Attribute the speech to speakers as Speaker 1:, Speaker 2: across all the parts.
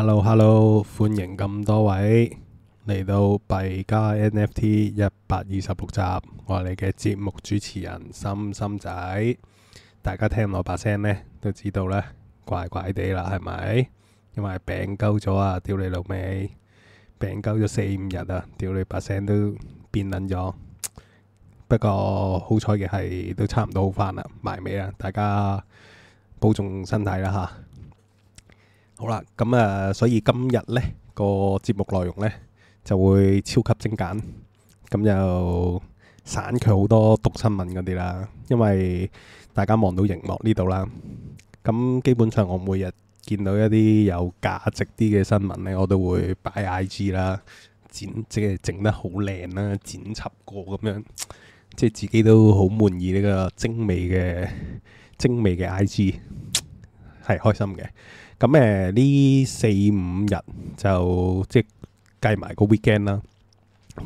Speaker 1: hello hello，歡迎咁多位嚟到幣加 NFT 一百二十六集，我哋嘅節目主持人心心仔，大家聽我把聲呢都知道咧，怪怪地啦，係咪？因為病鳩咗啊，屌你老味，病鳩咗四五日啊，屌你把聲都變撚咗。不過好彩嘅係，都差唔多好翻啦，埋尾啊！大家保重身體啦，吓。好啦，咁啊，所以今日呢個節目內容呢就會超級精簡，咁又省卻好多讀新聞嗰啲啦。因為大家望到熒幕呢度啦，咁基本上我每日見到一啲有價值啲嘅新聞呢，我都會擺 IG 啦，剪，即係整得好靚啦，剪輯過咁樣，即係自己都好滿意呢個精美嘅精美嘅 IG，係開心嘅。咁誒，呢四五日就即係計埋個 weekend 啦。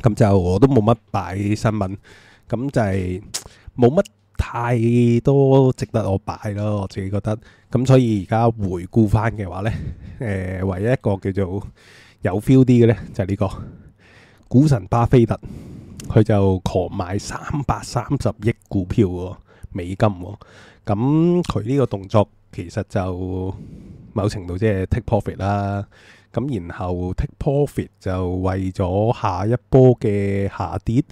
Speaker 1: 咁就我都冇乜擺新聞，咁就係冇乜太多值得我擺咯。我自己覺得咁，所以而家回顧翻嘅話呢，誒、呃，唯一一個叫做有 feel 啲嘅呢，就係呢個股神巴菲特，佢就狂買三百三十億股票喎，美金。咁佢呢個動作其實就。某程度即係 take profit 啦，咁然後 take profit 就為咗下一波嘅下跌，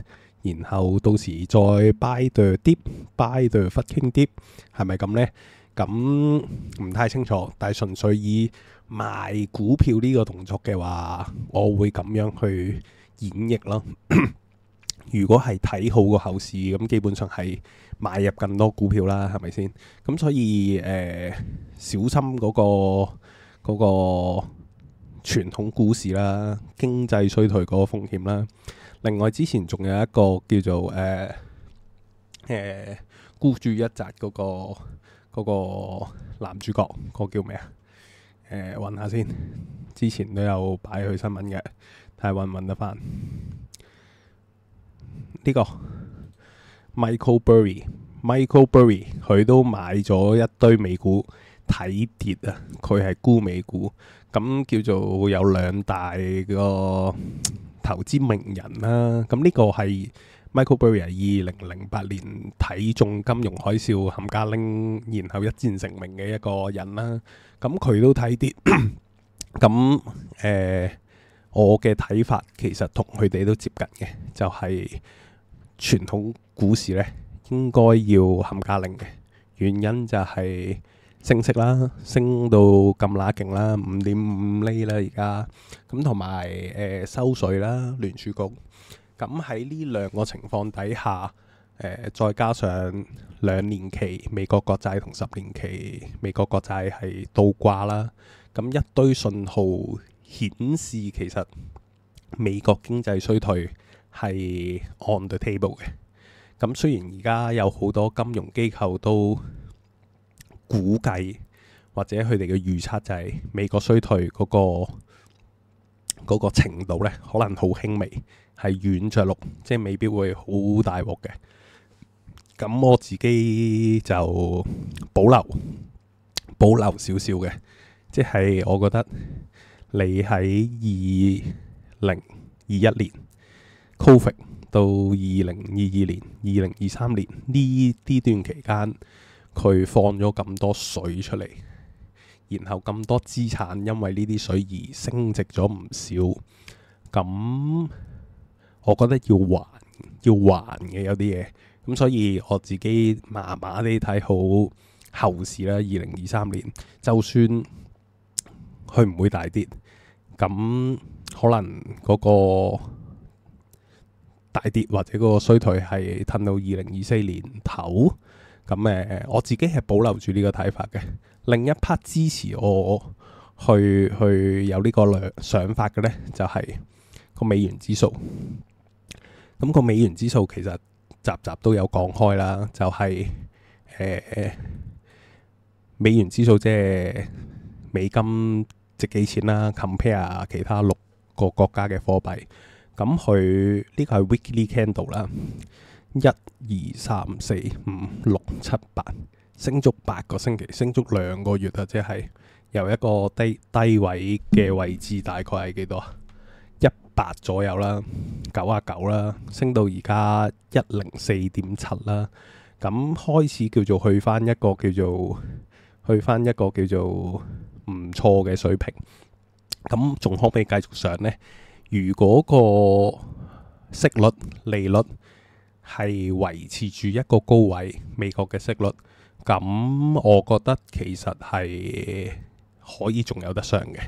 Speaker 1: 然後到時再 buy the dip, buy the fucking dip，係咪咁呢？咁唔太清楚，但係純粹以賣股票呢個動作嘅話，我會咁樣去演繹咯。 如果係睇好個後市，咁基本上係。買入更多股票啦，係咪先？咁所以誒、呃，小心嗰、嗰個嗰、嗰個傳統股市啦，經濟衰退嗰個風險啦。另外之前仲有一個叫做誒誒、呃呃、孤注一擲嗰、嗰個嗰個男主角，嗰個叫咩啊？誒、呃，揾下先，之前都有擺佢新聞嘅，睇下揾唔揾得返呢、呢個。Michael Burry，Michael Burry，佢都買咗一堆美股睇跌啊！佢係沽美股，咁叫做有兩大個投資名人啦。咁呢個係 Michael Burry，係二零零八年睇中金融海嘯冚家拎，然後一戰成名嘅一個人啦。咁佢都睇跌，咁誒、 呃，我嘅睇法其實同佢哋都接近嘅，就係、是、傳統。股市咧應該要冚家令嘅，原因就係升息啦，升到咁乸勁啦，五點五厘啦而家，咁同埋誒收水啦，聯儲局。咁喺呢兩個情況底下，誒再加上兩年期美國國債同十年期美國國債係倒掛啦，咁一堆信號顯示其實美國經濟衰退係 on the table 嘅。咁雖然而家有好多金融機構都估計或者佢哋嘅預測就係美國衰退嗰個嗰個程度呢，可能好輕微，係軟着陸，即係未必會好大鑊嘅。咁我自己就保留保留少少嘅，即係我覺得你喺二零二一年 Covid 到二零二二年、二零二三年呢呢段期間，佢放咗咁多水出嚟，然後咁多資產因為呢啲水而升值咗唔少，咁我覺得要還要還嘅有啲嘢，咁所以我自己麻麻地睇好後市啦。二零二三年就算佢唔會大跌，咁可能嗰個，大跌或者嗰個衰退係褪到二零二四年頭，咁誒、呃、我自己係保留住呢個睇法嘅。另一 part 支持我去去有呢個想法嘅呢，就係、是、個美元指數。咁個美元指數其實集集都有講開啦，就係、是、誒、呃、美元指數即係美金值幾錢啦，compare 其他六個國家嘅貨幣。咁佢呢個係 weekly candle 啦，一二三四五六七八，升足八個星期，升足兩個月啊，或者係由一個低低位嘅位置，大概係幾多啊？一百左右啦，九啊九啦，升到而家一零四點七啦。咁開始叫做去翻一個叫做去翻一個叫做唔錯嘅水平。咁仲可唔可以繼續上呢？如果個息率利率係維持住一個高位，美國嘅息率，咁我覺得其實係可以仲有得上嘅。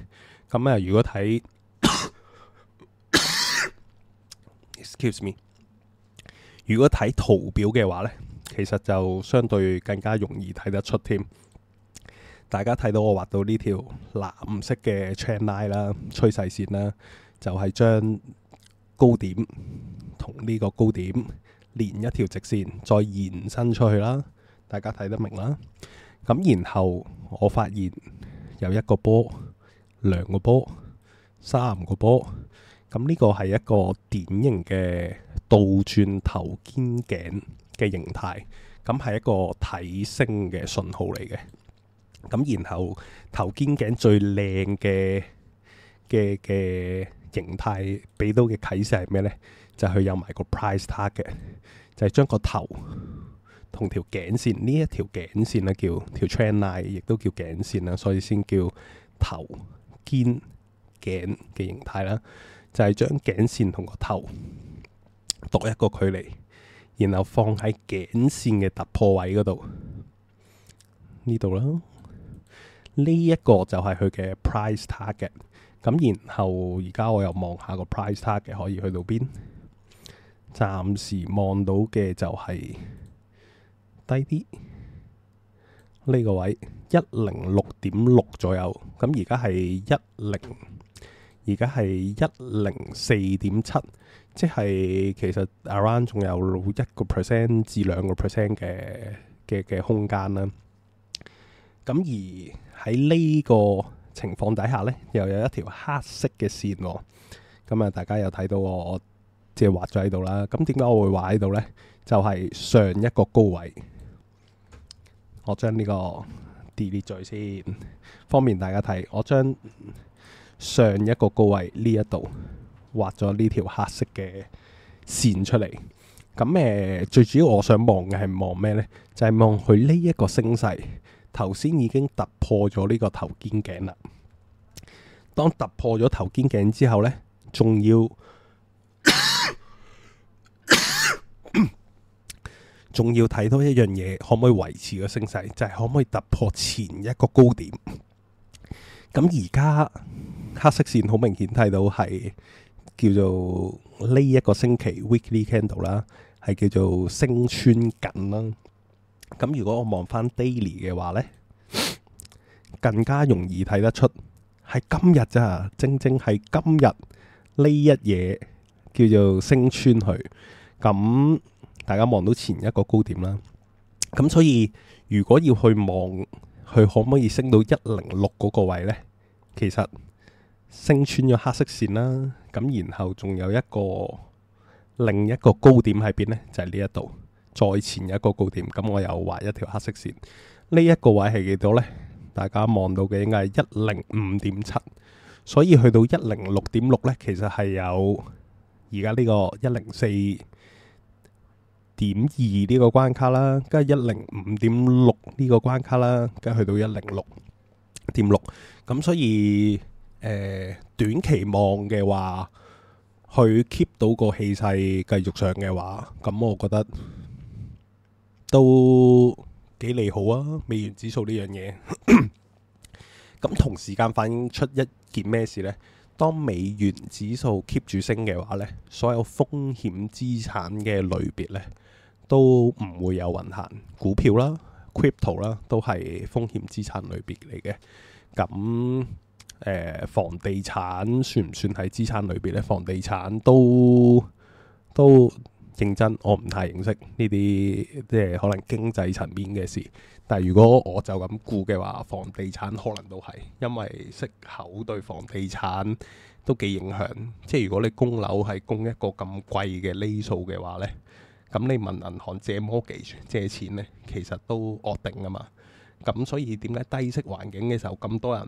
Speaker 1: 咁啊， 如果睇 excuse me，如果睇圖表嘅話呢，其實就相對更加容易睇得出添。大家睇到我畫到呢條藍色嘅 trend line 啦，趨勢線啦、啊。就係將高點同呢個高點連一條直線，再延伸出去啦。大家睇得明啦。咁然後我發現有一個波、兩個波、三個波。咁呢個係一個典型嘅倒轉頭肩頸嘅形態。咁係一個睇升嘅信號嚟嘅。咁然後頭肩頸最靚嘅嘅嘅形態俾到嘅啟示係咩呢？就係佢有埋個 price target，就係將個頭同條頸線呢一條頸線咧叫條 train line，亦都叫頸線啦，所以先叫頭肩頸嘅形態啦。就係將頸線同個頭度一個距離，然後放喺頸線嘅突破位嗰度呢度啦。呢一個就係佢嘅 price target。咁然後而家我又望下個 price tag 嘅可以去到邊？暫時望到嘅就係低啲，呢個位一零六點六左右。咁而家係一零，而家係一零四點七，即係其實 around 仲有一個 percent 至兩個 percent 嘅嘅嘅空間啦。咁而喺呢個情況底下呢，又有一條黑色嘅線喎。咁啊，大家有睇到我即係畫咗喺度啦。咁點解我會畫喺度呢？就係、是、上一個高位，我將呢個 delete 咗先，方便大家睇。我將上一個高位呢一度畫咗呢條黑色嘅線出嚟。咁誒，最主要我想望嘅係望咩呢？就係望佢呢一個升勢。頭先已經突破咗呢個頭肩頸啦。當突破咗頭肩頸之後呢，仲要，仲 要睇多一樣嘢，可唔可以維持個升勢？就係、是、可唔可以突破前一個高點？咁而家黑色線好明顯睇到係叫做呢一、這個星期 weekly candle 啦，係叫做升穿緊啦。咁如果我望翻 daily 嘅話咧，更加容易睇得出係今日咋，正正係今日呢一嘢，叫做升穿去。咁大家望到前一個高點啦。咁所以如果要去望，佢可唔可以升到一零六嗰個位咧？其實升穿咗黑色線啦，咁然後仲有一個另一個高點喺邊咧，就係呢一度。再前一個高點，咁我又畫一條黑色線。呢、這、一個位係幾多呢？大家望到嘅應該係一零五點七，所以去到一零六點六呢，其實係有而家呢個一零四點二呢個關卡啦，跟住一零五點六呢個關卡啦，跟住去到一零六點六。咁所以誒、呃，短期望嘅話，去 keep 到個氣勢繼續上嘅話，咁我覺得。都幾利好啊，美元指數呢樣嘢，咁 同時間反映出一件咩事呢？當美元指數 keep 住升嘅話呢，所有風險資產嘅類別呢都唔會有運行，股票啦、crypto 啦，都係風險資產類別嚟嘅。咁誒、呃，房地產算唔算係資產類別呢？房地產都都。認真，我唔太認識呢啲，即係可能經濟層面嘅事。但係如果我就咁估嘅話，房地產可能都係，因為息口對房地產都幾影響。即係如果你供樓係供一個咁貴嘅厘數嘅話呢，咁你問銀行借摩幾借錢呢，其實都惡定啊嘛。咁所以點解低息環境嘅時候咁多人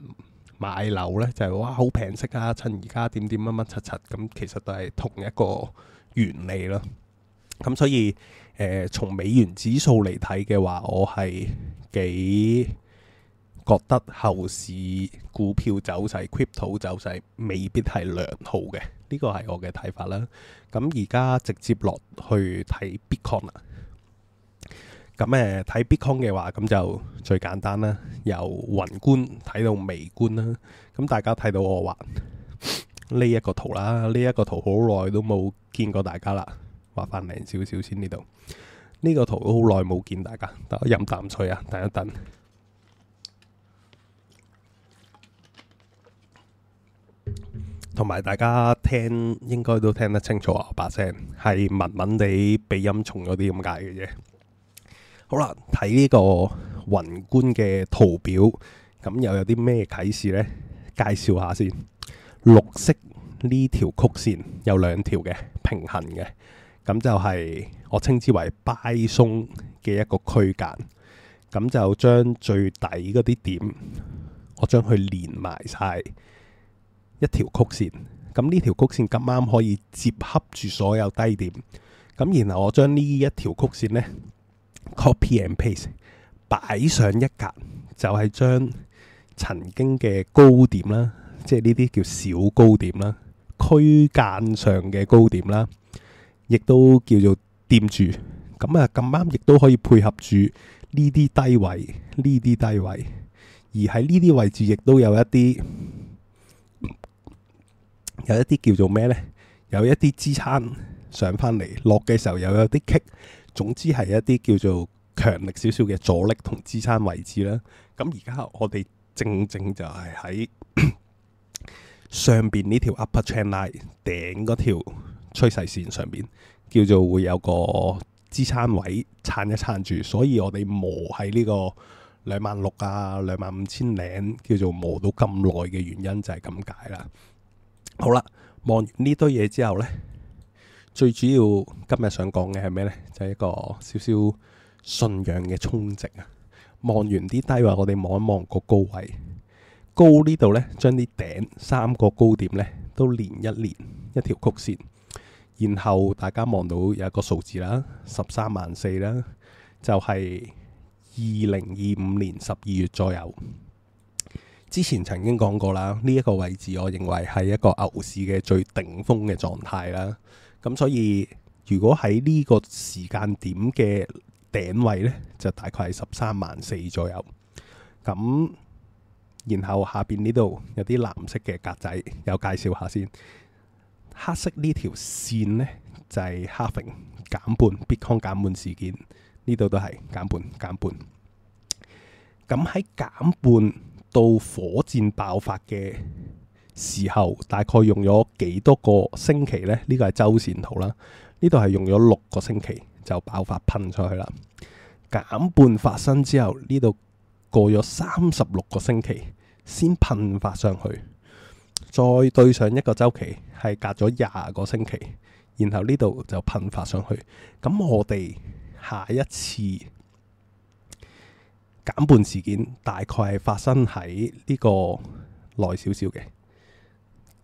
Speaker 1: 買樓呢？就係、是、哇好平息啊，趁而家點點乜乜柒柒咁，其實都係同一個原理咯。咁、嗯、所以，誒、呃、從美元指數嚟睇嘅話，我係幾覺得後市股票走勢、Crypto 走勢未必係良好嘅，呢個係我嘅睇法啦。咁而家直接落去睇 Bitcoin 啦，咁誒睇、嗯嗯、Bitcoin 嘅話，咁就最簡單啦，由宏觀睇到微觀啦。咁、嗯、大家睇到我畫呢一個圖啦，呢、這、一個圖好耐都冇見過大家啦。麻煩靚少少先，呢度呢個圖好耐冇見，大家大家飲啖水啊，等一等。同埋大家聽，應該都聽得清楚啊，把聲係文文地，鼻音重咗啲咁解嘅啫。好啦，睇呢個宏觀嘅圖表，咁又有啲咩啟示呢？介紹下先，綠色呢條曲線有兩條嘅平行嘅。咁就係我稱之為擺鬆嘅一個區間，咁就將最底嗰啲點，我將佢連埋晒一條曲線，咁呢條曲線咁啱可以接合住所有低點，咁然後我將呢一條曲線呢 copy and paste 擺上一格，就係、是、將曾經嘅高點啦，即係呢啲叫小高點啦，區間上嘅高點啦。亦都叫做掂住，咁啊咁啱，亦都可以配合住呢啲低位，呢啲低位，而喺呢啲位置，亦都有一啲、嗯、有一啲叫做咩呢？有一啲支撐上返嚟，落嘅時候又有啲棘，總之係一啲叫做強力少少嘅阻力同支撐位置啦。咁而家我哋正正就係喺 上邊呢條 upper trend line 頂嗰條。趨勢線上面叫做會有個支撐位撐一撐住，所以我哋磨喺呢個兩萬六啊，兩萬五千零，叫做磨到咁耐嘅原因就係咁解啦。好啦，望完呢堆嘢之後呢，最主要今日想講嘅係咩呢？就係、是、一個少少信仰嘅充值啊。望完啲低位，我哋望一望個高位，高呢度呢，將啲頂三個高點呢都連一連一條曲線。然後大家望到有一個數字啦，十三萬四啦，就係二零二五年十二月左右。之前曾經講過啦，呢、這、一個位置我認為係一個牛市嘅最頂峰嘅狀態啦。咁所以如果喺呢個時間點嘅頂位呢，就大概係十三萬四左右。咁，然後下邊呢度有啲藍色嘅格仔，有介紹下先。黑色呢條線呢，就係 halving 減半，Bitcoin 減半事件。呢度都係減半減半。咁喺減半到火箭爆發嘅時候，大概用咗幾多個星期呢？呢個係周線圖啦，呢度係用咗六個星期就爆發噴出去啦。減半發生之後，呢度過咗三十六個星期先噴發上去。再對上一個週期，係隔咗廿個星期，然後呢度就噴發上去。咁我哋下一次減半事件大概係發生喺呢個耐少少嘅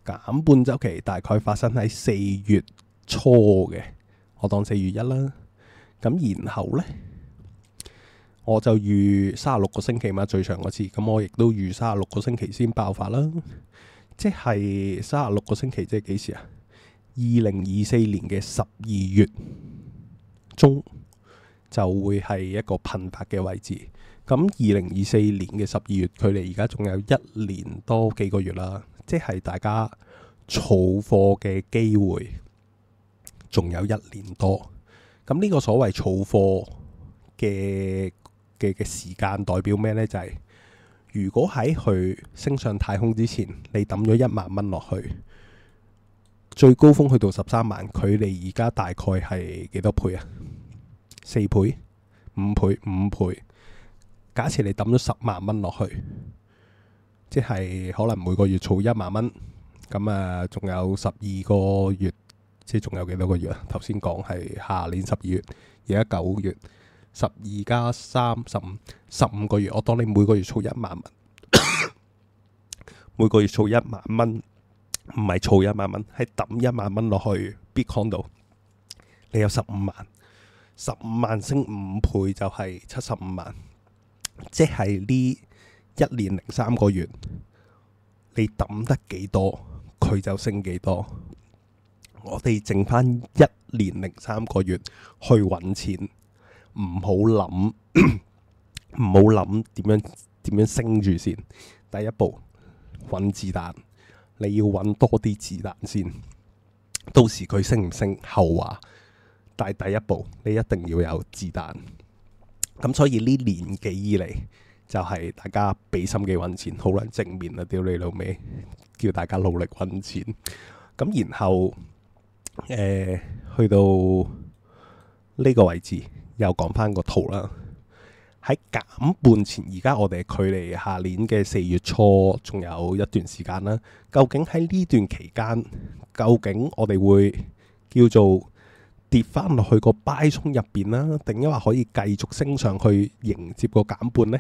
Speaker 1: 減半週期，大概發生喺四月初嘅，我當四月一啦。咁然後呢，我就預三十六個星期嘛，最長嗰次，咁我亦都預三十六個星期先爆發啦。即係三十六個星期即，即係幾時啊？二零二四年嘅十二月中就會係一個噴發嘅位置。咁二零二四年嘅十二月，距離而家仲有一年多幾個月啦。即係大家儲貨嘅機會仲有一年多。咁呢個所謂儲貨嘅嘅嘅時間代表咩呢？就係、是。如果喺佢升上太空之前，你抌咗一萬蚊落去，最高峰去到十三萬，距離而家大概係幾多倍啊？四倍、五倍、五倍。假設你抌咗十萬蚊落去，即係可能每個月儲一萬蚊，咁啊，仲有十二個月，即係仲有幾多個月啊？頭先講係下年十二月，而家九月。十二加三，十五，十五個月，我當你每個月儲一萬蚊， 每個月儲一萬蚊，唔係儲一萬蚊，係抌一萬蚊落去 Bitcoin 度。你有十五萬，十五萬升五倍就係七十五萬，即係呢一年零三個月，你抌得幾多，佢就升幾多。我哋剩翻一年零三個月去揾錢。唔好諗，唔好諗點樣點樣升住先。第一步，揾子彈，你要揾多啲子彈先。到時佢升唔升後話，但係第一步你一定要有子彈。咁所以呢年紀以嚟就係、是、大家俾心機揾錢，好難正面啊！屌你老味，叫大家努力揾錢。咁然後誒、呃，去到呢個位置。又講翻個圖啦，喺減半前，而家我哋距離下年嘅四月初仲有一段時間啦。究竟喺呢段期間，究竟我哋會叫做跌翻落去個 buy zone 入邊啦，定抑話可以繼續升上去迎接個減半呢？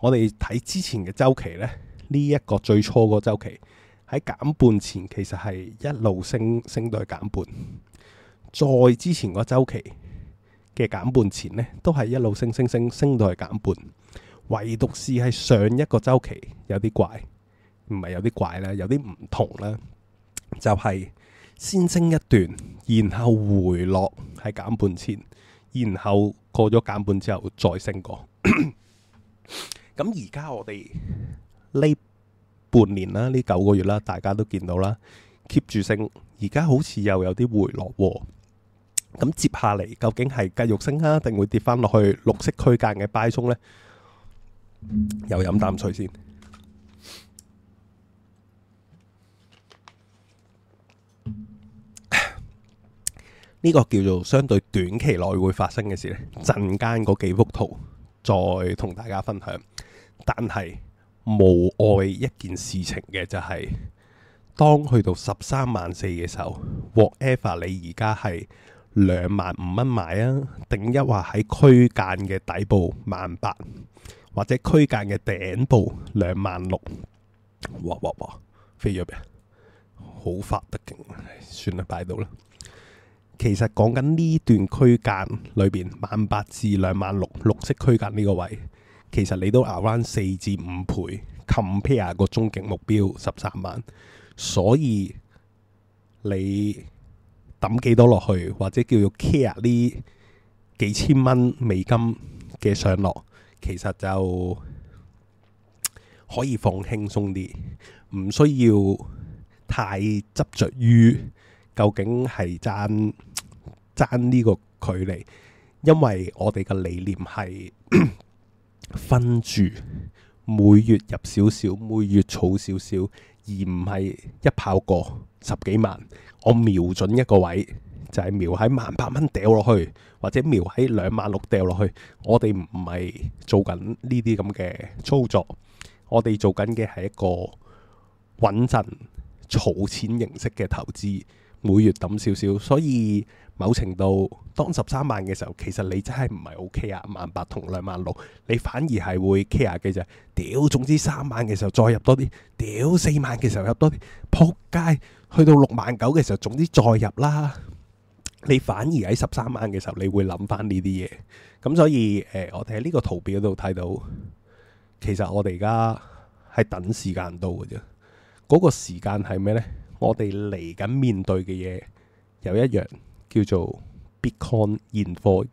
Speaker 1: 我哋睇之前嘅周期呢，呢、這、一個最初個周期喺減半前，其實係一路升升到去減半。再之前個周期。嘅減半前呢，都係一路升升升升到去減半，唯獨是係上一個週期有啲怪，唔係有啲怪啦，有啲唔同啦，就係先升一段，然後回落係減半前，然後過咗減半之後再升過。咁而家我哋呢半年啦，呢九個月啦，大家都見到啦，keep 住升，而家好似又有啲回落喎。咁接下嚟，究竟係繼續升啊，定會跌翻落去綠色區間嘅 Buy 呢？中咧？又飲啖水先。呢、呢個叫做相對短期內會發生嘅事咧。陣間嗰幾幅圖再同大家分享，但係無礙一件事情嘅就係、是，當去到十三萬四嘅時候，whatever 你而家係。兩萬五蚊買啊，定一話喺區間嘅底部萬八，或者區間嘅頂部兩萬六，嘩嘩嘩，飛咗咩？好發得勁，算啦，擺到啦。其實講緊呢段區間裏邊，萬八至兩萬六，綠色區間呢個位，其實你都熬翻四至五倍，compare 個終極目標十三萬，所以你。抌幾多落去，或者叫做 care 呢幾千蚊美金嘅上落，其實就可以放輕鬆啲，唔需要太執着於究竟係爭爭呢個距離，因為我哋嘅理念係 分住，每月入少少，每月儲少少，而唔係一炮過十幾萬。我瞄準一個位，就係瞄喺萬八蚊掉落去，或者瞄喺兩萬六掉落去。我哋唔唔係做緊呢啲咁嘅操作，我哋做緊嘅係一個穩陣儲錢形式嘅投資，每月抌少少。所以某程度當十三萬嘅時候，其實你真係唔係 ok 啊，萬八同兩萬六，你反而係會 care 嘅就係，屌，總之三萬嘅時候再入多啲，屌，四萬嘅時候入多啲，扑街。去到六萬九嘅時候，總之再入啦。你反而喺十三萬嘅時候，你會諗翻呢啲嘢。咁所以誒、呃，我哋喺呢個圖表度睇到，其實我哋而家係等時間到嘅啫。嗰、那個時間係咩呢？我哋嚟緊面對嘅嘢有一樣叫做 Bitcoin 現貨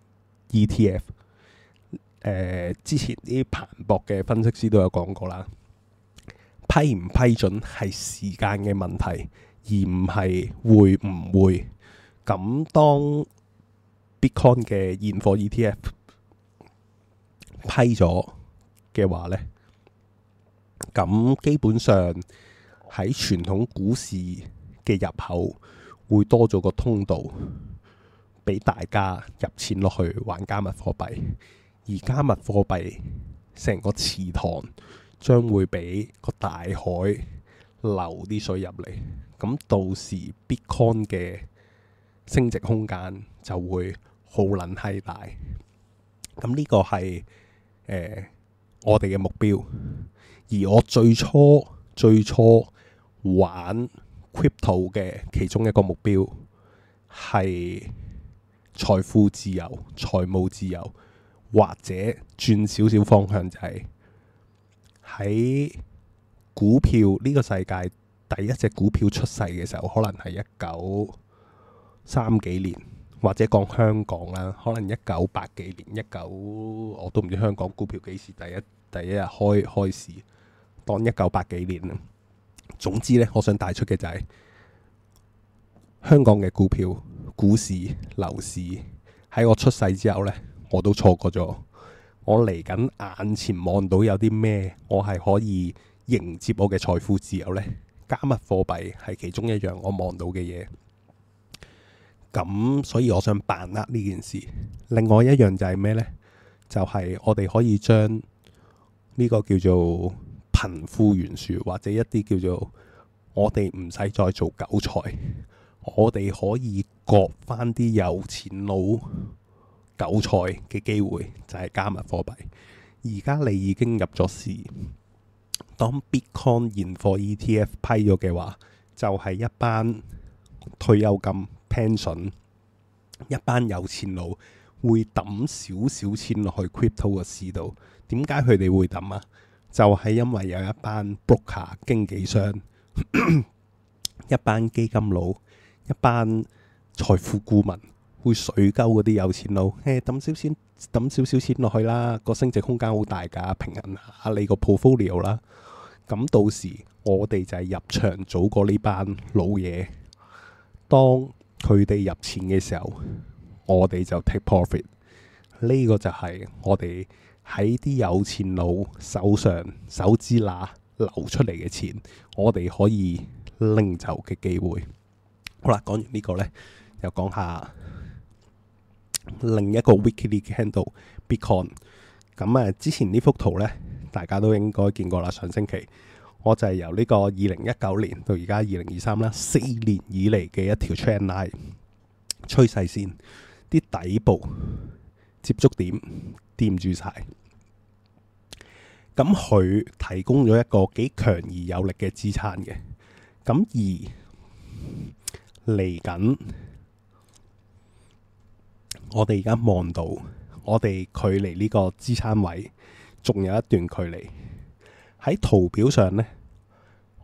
Speaker 1: ETF。誒、呃，之前啲彭博嘅分析師都有講過啦，批唔批准係時間嘅問題。而唔係會唔會咁？當 Bitcoin 嘅現貨 ETF 批咗嘅話呢，咁基本上喺傳統股市嘅入口會多咗個通道俾大家入錢落去玩加密貨幣。而加密貨幣成個池塘將會俾個大海流啲水入嚟。咁到時 Bitcoin 嘅升值空間就會好撚閪大，咁、這、呢個係誒、呃、我哋嘅目標，而我最初最初玩 Crypto 嘅其中一個目標係財富自由、財務自由，或者轉少少方向就係。喺股票呢個世界。第一隻股票出世嘅時候，可能係一九三幾年，或者講香港啦，可能一九八幾年一九，我都唔知香港股票幾時第一第一日開開市，當一九八幾年啦。總之呢，我想帶出嘅就係、是、香港嘅股票、股市、樓市喺我出世之後呢，我都錯過咗。我嚟緊眼前望到有啲咩，我係可以迎接我嘅財富自由呢。加密貨幣係其中一樣我望到嘅嘢，咁所以我想把握呢件事。另外一樣就係咩呢？就係我哋可以將呢個叫做貧富懸殊，或者一啲叫做我哋唔使再做韭菜，我哋可以割翻啲有錢佬韭菜嘅機會，就係加密貨幣。而家你已經入咗市。當 Bitcoin 現貨 ETF 批咗嘅話，就係、是、一班退休金、pension、一班有錢佬會抌少少錢落去 crypto 嘅市度。點解佢哋會抌啊？就係、是、因為有一班 broker 經紀商、 一班基金佬、一班財富顧問會水溝嗰啲有錢佬，誒抌少錢、抌少少錢落去啦，個升值空間好大㗎，平衡下你個 portfolio 啦。咁到時我哋就係入場早過呢班老嘢，當佢哋入錢嘅時候，我哋就 take profit。呢、這個就係我哋喺啲有錢佬手上手指罅流出嚟嘅錢，我哋可以拎走嘅機會。好啦，講完呢個呢，又講下另一個 weekly candle bitcoin。咁、嗯、啊，之前呢幅圖呢。大家都應該見過啦。上星期我就係由呢個二零一九年到而家二零二三啦，四年以嚟嘅一條 trend line 趨勢線，啲底部接觸點掂住晒，咁、嗯、佢提供咗一個幾強而有力嘅支撐嘅。咁、嗯、而嚟緊，我哋而家望到，我哋距離呢個支撐位，仲有一段距離，喺圖表上呢，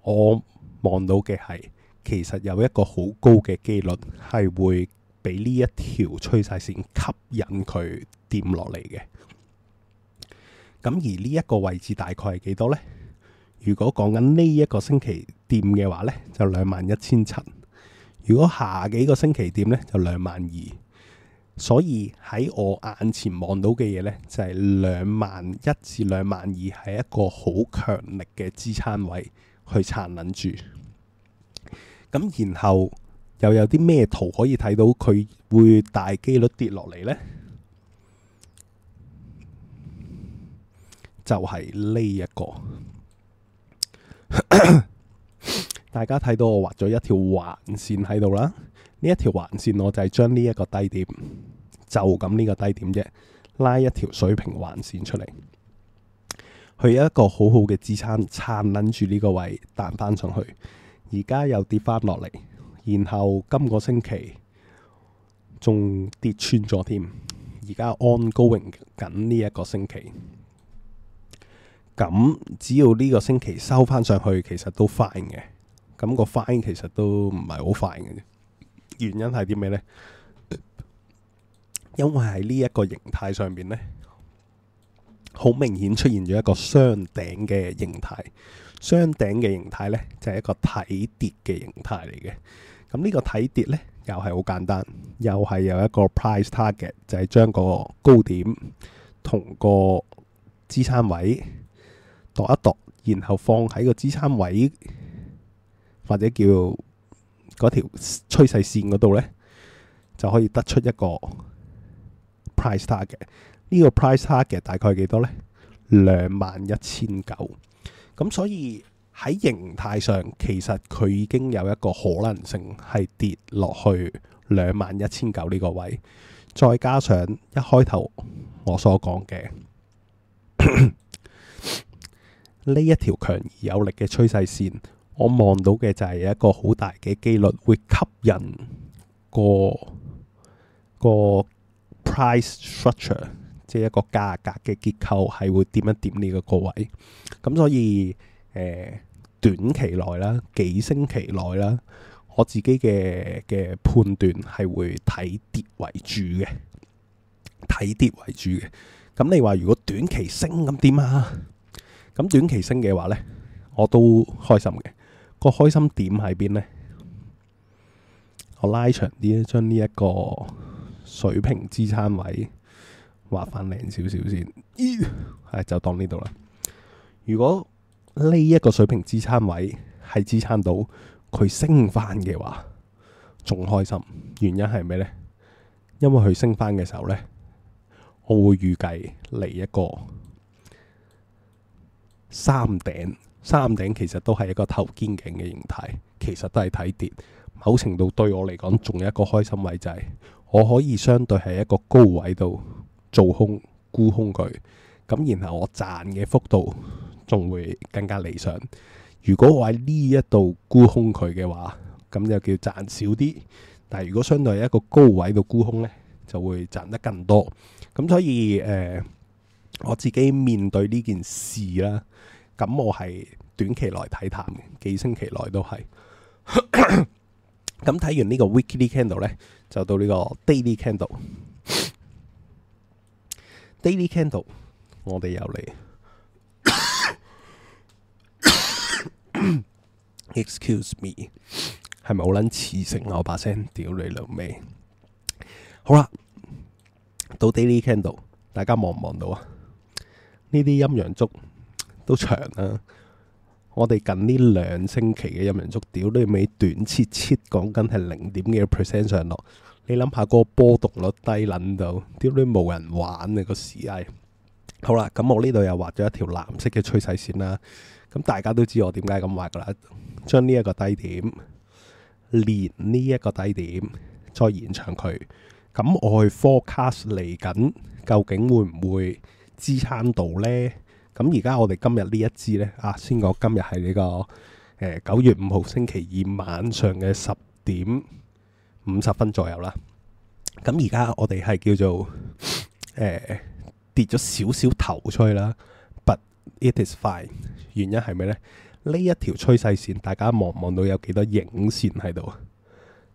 Speaker 1: 我望到嘅係其實有一個好高嘅機率係會俾呢一條趨勢線吸引佢掂落嚟嘅。咁而呢一個位置大概係幾多呢？如果講緊呢一個星期掂嘅話呢，就兩萬一千七；如果下幾個星期掂呢，就兩萬二。所以喺我眼前望到嘅嘢呢，就係兩萬一至兩萬二係一個好強力嘅支撐位去撐捻住。咁然後又有啲咩圖可以睇到佢會大幾率跌落嚟呢？就係呢一個。 大家睇到我畫咗一條橫線喺度啦。呢一條橫線，我就係將呢一個低點，就咁呢個低點啫，拉一條水平橫線出嚟，佢有一個好好嘅支撐撐撚住呢個位彈翻上去。而家又跌翻落嚟，然後今個星期仲跌穿咗添，而家 ongoing 緊呢一個星期。咁只要呢個星期收翻上去，其實都 fine 嘅。咁、個 fine 其實都唔係好 fine 嘅。原因係啲咩呢？因為喺呢一個形態上面，呢好明顯出現咗一個雙頂嘅形態。雙頂嘅形態呢，就係一個睇跌嘅形態嚟嘅。咁呢個睇跌呢，又係好簡單，又係有一個 price target，就係將個高點同個支撐位度一度，然後放喺個支撐位，或者叫嗰條趨勢線嗰度呢，就可以得出一個 price target。呢個 price target 大概幾多呢？兩萬一千九。咁所以喺形態上，其實佢已經有一個可能性係跌落去兩萬一千九呢個位。再加上一開頭我所講嘅呢一條強而有力嘅趨勢線。我望到嘅就係一個好大嘅幾率會吸引個個 price structure，即係一個價格嘅結構係會點一點呢個個位。咁所以誒、呃、短期內啦，幾星期內啦，我自己嘅嘅判斷係會睇跌為主嘅，睇跌為主嘅。咁你話如果短期升咁點啊？咁短期升嘅話咧，我都開心嘅。個開心點喺邊呢？我拉長啲咧，將呢一個水平支撐位畫翻靚少少先，係就當呢度啦。如果呢一個水平支撐位係支撐到佢升翻嘅話，仲開心。原因係咩呢？因為佢升翻嘅時候呢，我會預計嚟一個三頂。三頂其實都係一個頭肩頸嘅形態，其實都係睇跌。某程度對我嚟講，仲有一個開心位就係我可以相對喺一個高位度做空沽空佢，咁然後我賺嘅幅度仲會更加理想。如果我喺呢一度沽空佢嘅話，咁就叫賺少啲。但係如果相對喺一個高位度沽空呢，就會賺得更多。咁所以誒、呃，我自己面對呢件事啦。咁我係短期內睇淡嘅，幾星期內都係。咁睇 完個呢個 weekly candle 咧，就到呢個 daily candle。daily candle 我哋又嚟。excuse me，係咪好撚刺成我聲我把聲屌你老味。好啦，到 daily candle，大家望唔望到啊？呢啲陰陽燭。都長啦，我哋近呢兩星期嘅日元足屌都要短切切講緊係零點幾嘅 percent 上落，你諗下個波動率低捻到屌你冇人玩啊個市係。好啦，咁我呢度又畫咗一條藍色嘅趨勢線啦。咁大家都知我點解咁畫噶啦，將呢一個低點連呢一個低點再延長佢，咁我去 forecast 嚟緊究竟會唔會支撐到呢？咁而家我哋今日呢一支呢，啊，先講今、這個呃、日係呢個誒九月五號星期二晚上嘅十點五十分左右啦。咁而家我哋係叫做誒、呃、跌咗少少頭出去啦，But it is fine。原因係咩呢？呢一條趨勢線，大家望唔望到有幾多,多影線喺度？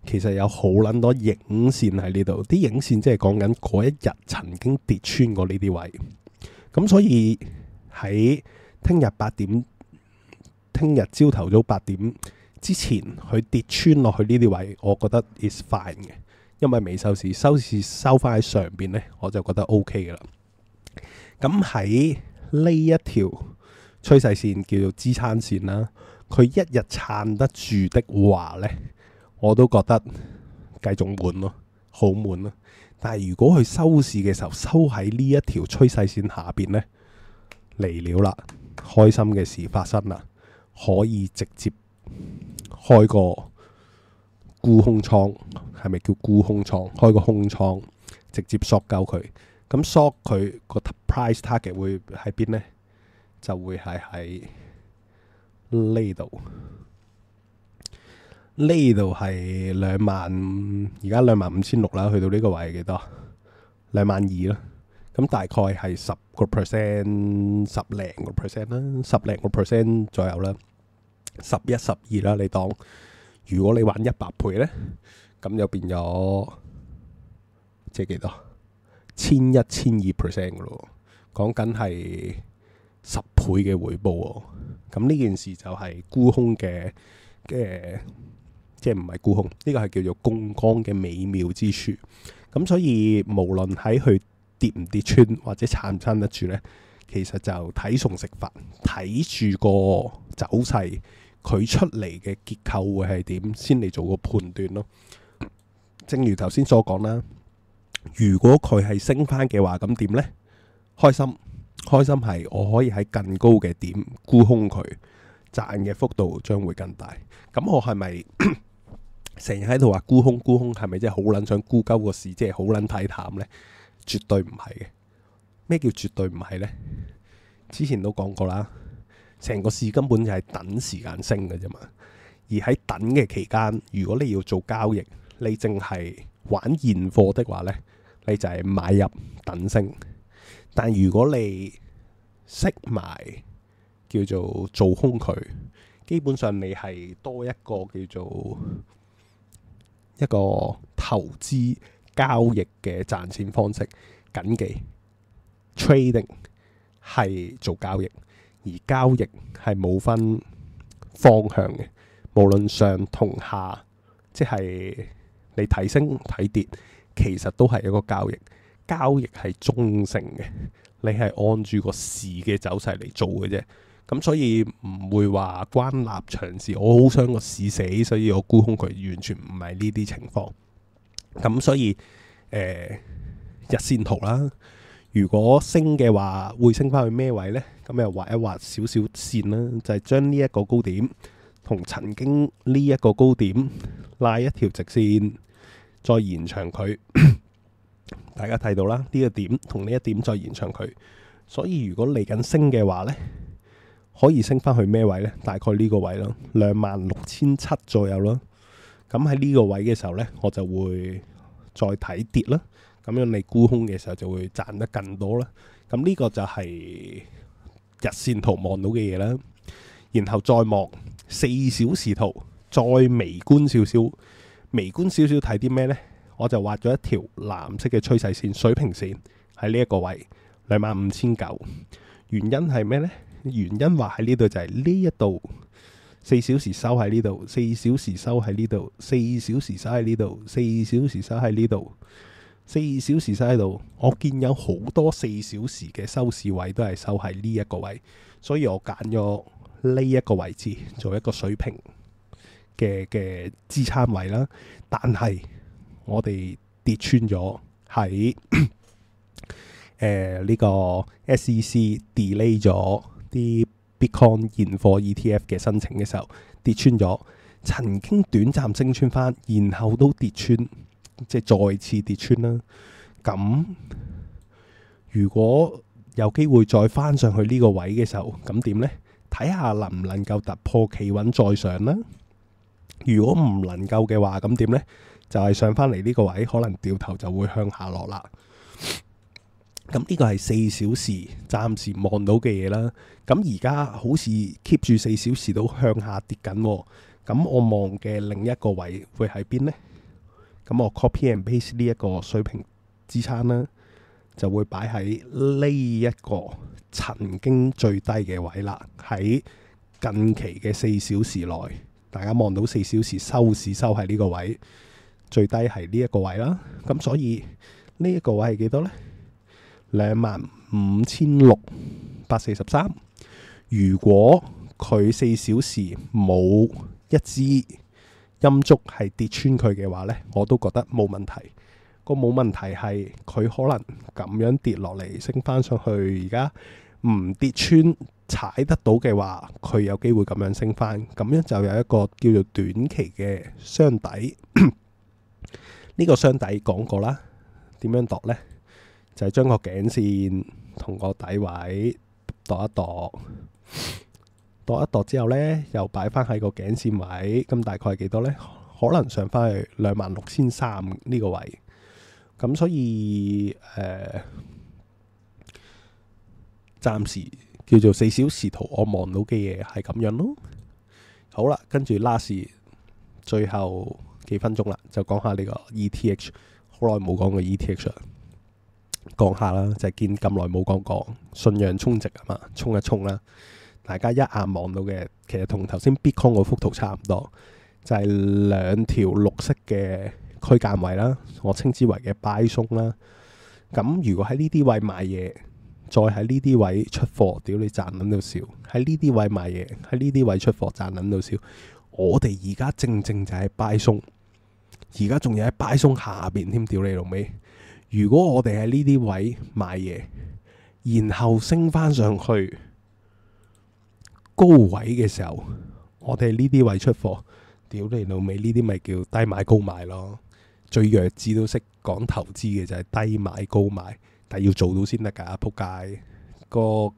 Speaker 1: 其實有好捻多影線喺呢度，啲影線即係講緊嗰一日曾經跌穿過呢啲位，咁所以。喺聽日八點，聽日朝頭早八點之前，佢跌穿落去呢啲位，我覺得 is fine 嘅，因為未收市，收市收翻喺上邊呢，我就覺得 O K 嘅啦。咁喺呢一條趨勢線叫做支撐線啦，佢一日撐得住的話呢，我都覺得繼續悶咯，好悶咯。但係如果佢收市嘅時候收喺呢一條趨勢線下邊呢？嚟了啦！開心嘅事發生啦，可以直接開個沽空倉，係咪叫沽空倉？開個空倉，直接索夠佢。咁索佢個 price target 會喺邊呢？就會係喺呢度。呢度係兩萬，而家兩萬五千六啦，去到呢個位係幾多？兩萬二咯。咁大概係十個 percent，十零個 percent 啦，十零個 percent 左右啦，十一、十二啦，你當如果你玩一百倍咧，咁又變咗，即係幾多千一千二 percent 嘅咯，講緊係十倍嘅回報。咁呢件事就係沽空嘅、呃，即係即係唔係沽空，呢、這個係叫做公光嘅美妙之處。咁所以無論喺佢。跌唔跌穿或者撐唔撐得住呢？其實就睇餸食飯，睇住個走勢，佢出嚟嘅結構會係點先嚟做個判斷咯。正如頭先所講啦，如果佢係升翻嘅話，咁點呢？開心，開心係我可以喺更高嘅點沽空佢賺嘅幅度將會更大。咁我係咪成日喺度話沽空沽空？係咪即係好撚想沽鳩個市？即係好撚睇淡呢？絕對唔係嘅，咩叫絕對唔係呢？之前都講過啦，成個市根本就係等時間升嘅啫嘛。而喺等嘅期間，如果你要做交易，你淨係玩現貨的話呢，你就係買入等升。但如果你識埋叫做做空佢，基本上你係多一個叫做一個投資。交易嘅賺錢方式，謹記 trading 係做交易，而交易係冇分方向嘅，無論上同下，即係你睇升睇跌，其實都係一個交易。交易係中性嘅，你係按住個市嘅走勢嚟做嘅啫。咁所以唔會話關立場事。我好想個市死，所以我沽空佢，完全唔係呢啲情況。咁所以，誒、呃、日線圖啦，如果升嘅話，會升翻去咩位呢？咁又畫一畫少少線啦，就係、是、將呢一個高點同曾經呢一個高點拉一條直線，再延長佢。 大家睇到啦，呢、這個點同呢一點再延長佢。所以如果嚟緊升嘅話呢，可以升翻去咩位呢？大概呢個位咯，兩萬六千七左右咯。咁喺呢個位嘅時候呢，我就會再睇跌啦。咁樣你沽空嘅時候就會賺得更多啦。咁呢個就係日線圖望到嘅嘢啦。然後再望四小時圖，再微觀少少，微觀少少睇啲咩呢？我就畫咗一條藍色嘅趨勢線，水平線喺呢一個位兩萬五千九。原因係咩呢？原因話喺呢度就係呢一度。四小時收喺呢度，四小時收喺呢度，四小時收喺呢度，四小時收喺呢度，四小時收喺度。我見有好多四小時嘅收市位都係收喺呢一個位，所以我揀咗呢一個位置做一個水平嘅嘅支撐位啦。但係我哋跌穿咗喺誒呢個 SEC delay 咗啲。Bitcoin 現貨 ETF 嘅申請嘅時候跌穿咗，曾經短暫升穿翻，然後都跌穿，即係再次跌穿啦。咁如果有機會再翻上去呢個位嘅時候，咁點呢？睇下能唔能夠突破企穩再上啦。如果唔能夠嘅話，咁點呢？就係、是、上翻嚟呢個位，可能掉頭就會向下落啦。咁呢個係四小時暫時望到嘅嘢啦。咁而家好似 keep 住四小時都向下跌緊。咁我望嘅另一個位會喺邊呢？咁我 copy and paste 呢一個水平支撐啦，就會擺喺呢一個曾經最低嘅位啦。喺近期嘅四小時內，大家望到四小時收市收喺呢個位，最低係呢一個位啦。咁所以呢一個位係幾多呢？兩萬五千六百四十三，如果佢四小時冇一支陰燭係跌穿佢嘅話呢，我都覺得冇問題。個冇問題係佢可能咁樣跌落嚟，升翻上去，而家唔跌穿踩得到嘅話，佢有機會咁樣升翻。咁樣就有一個叫做短期嘅箱底。呢、 呢個箱底講過啦，點樣度呢？就係將個頸線同個底位度一度，度一度之後呢，又擺翻喺個頸線位，咁大概係幾多呢？可能上翻去兩萬六千三呢個位，咁所以誒、呃，暫時叫做四小時圖我望到嘅嘢係咁樣咯。好啦，跟住 last 最後幾分鐘啦，就講下呢個 ETH，好耐冇講過 ETH 啦。講下啦，就係、是、見咁耐冇講過，信仰充值啊嘛，充一充啦。大家一眼望到嘅，其實同頭先 Bitcoin 嗰幅圖差唔多，就係兩條綠色嘅區間位啦，我稱之為嘅 Buy 鬆啦。咁如果喺呢啲位賣嘢，再喺呢啲位出貨，屌你賺捻到笑！喺呢啲位賣嘢，喺呢啲位出貨賺捻到笑。我哋而家正正就喺 Buy 鬆，而家仲要喺 Buy 鬆下邊添，屌你老味。如果我哋喺呢啲位買嘢，然後升翻上去高位嘅時候，我哋呢啲位出貨，屌你老味，呢啲咪叫低買高賣咯？最弱智都識講投資嘅就係、是、低買高賣，但要做到先得噶，仆街個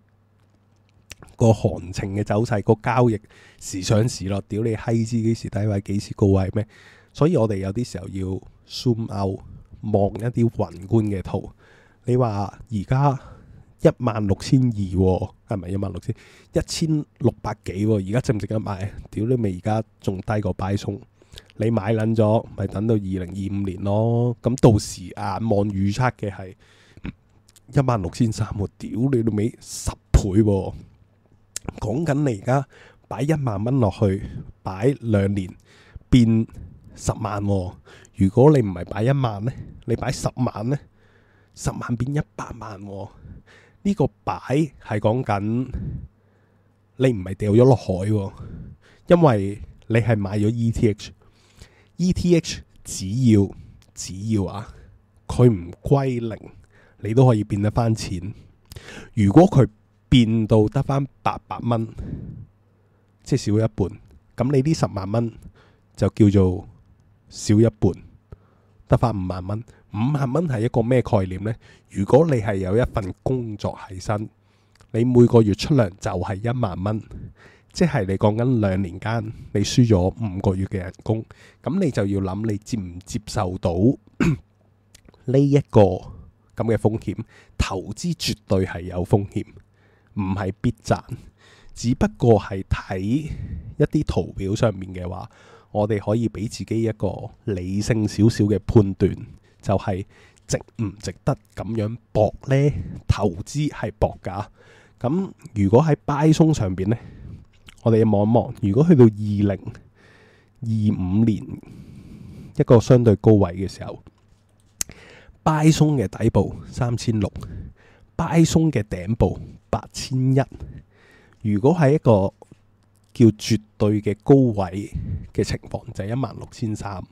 Speaker 1: 個行情嘅走勢，個交易時上時落，屌你閪知幾時低位幾時高位咩？所以我哋有啲時候要 zoom out。望一啲宏觀嘅圖，你話而家一萬六千二喎，係咪一萬六千一千六百幾喎？而家值唔值得買？屌你咪而家仲低過擺送，你買撚咗咪等到二零二五年咯？咁到時眼望預測嘅係一萬六千三喎，屌你都未十倍喎、哦！講緊你而家擺一萬蚊落去，擺兩年變十萬喎。如果你唔係擺一萬呢，你擺十萬呢？十萬變一百萬喎，呢個擺係講緊你唔係掉咗落海喎，因為你係買咗 ETH，ETH 只要只要啊，佢唔歸零，你都可以變得翻錢。如果佢變到得翻八百蚊，即係少咗一半，咁你呢十萬蚊就叫做。少一半，得返五萬蚊。五萬蚊係一個咩概念咧？如果你係有一份工作喺身，你每個月出糧就係一萬蚊，即係你講緊兩年間你輸咗五個月嘅人工，咁你就要諗你接唔接受到呢一、 個咁嘅風險。投資絕對係有風險，唔係必賺，只不過係睇一啲圖表上面嘅話。我哋可以俾自己一個理性少少嘅判斷，就係值唔值得咁樣搏呢？投資係搏㗎。咁如果喺 b 松上邊呢，我哋望一望，如果去到二零二五年一個相對高位嘅時候，b 松嘅底部三千六，b 松嘅頂部八千一。如果係一個叫絕對嘅高位嘅情況就係一萬六千三，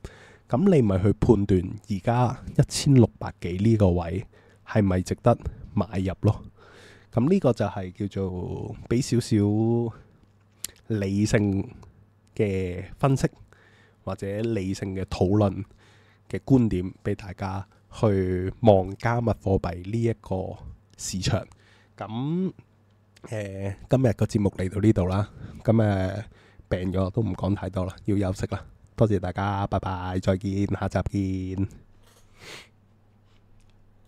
Speaker 1: 咁你咪去判斷而家一千六百幾呢個位係咪值得買入咯？咁呢個就係叫做俾少少理性嘅分析，或者理性嘅討論嘅觀點俾大家去望加密貨幣呢一個市場咁。誒、呃，今日個節目嚟到呢度啦，咁、嗯、誒、呃、病咗都唔講太多啦，要休息啦，多謝大家，拜拜，再見，下集見。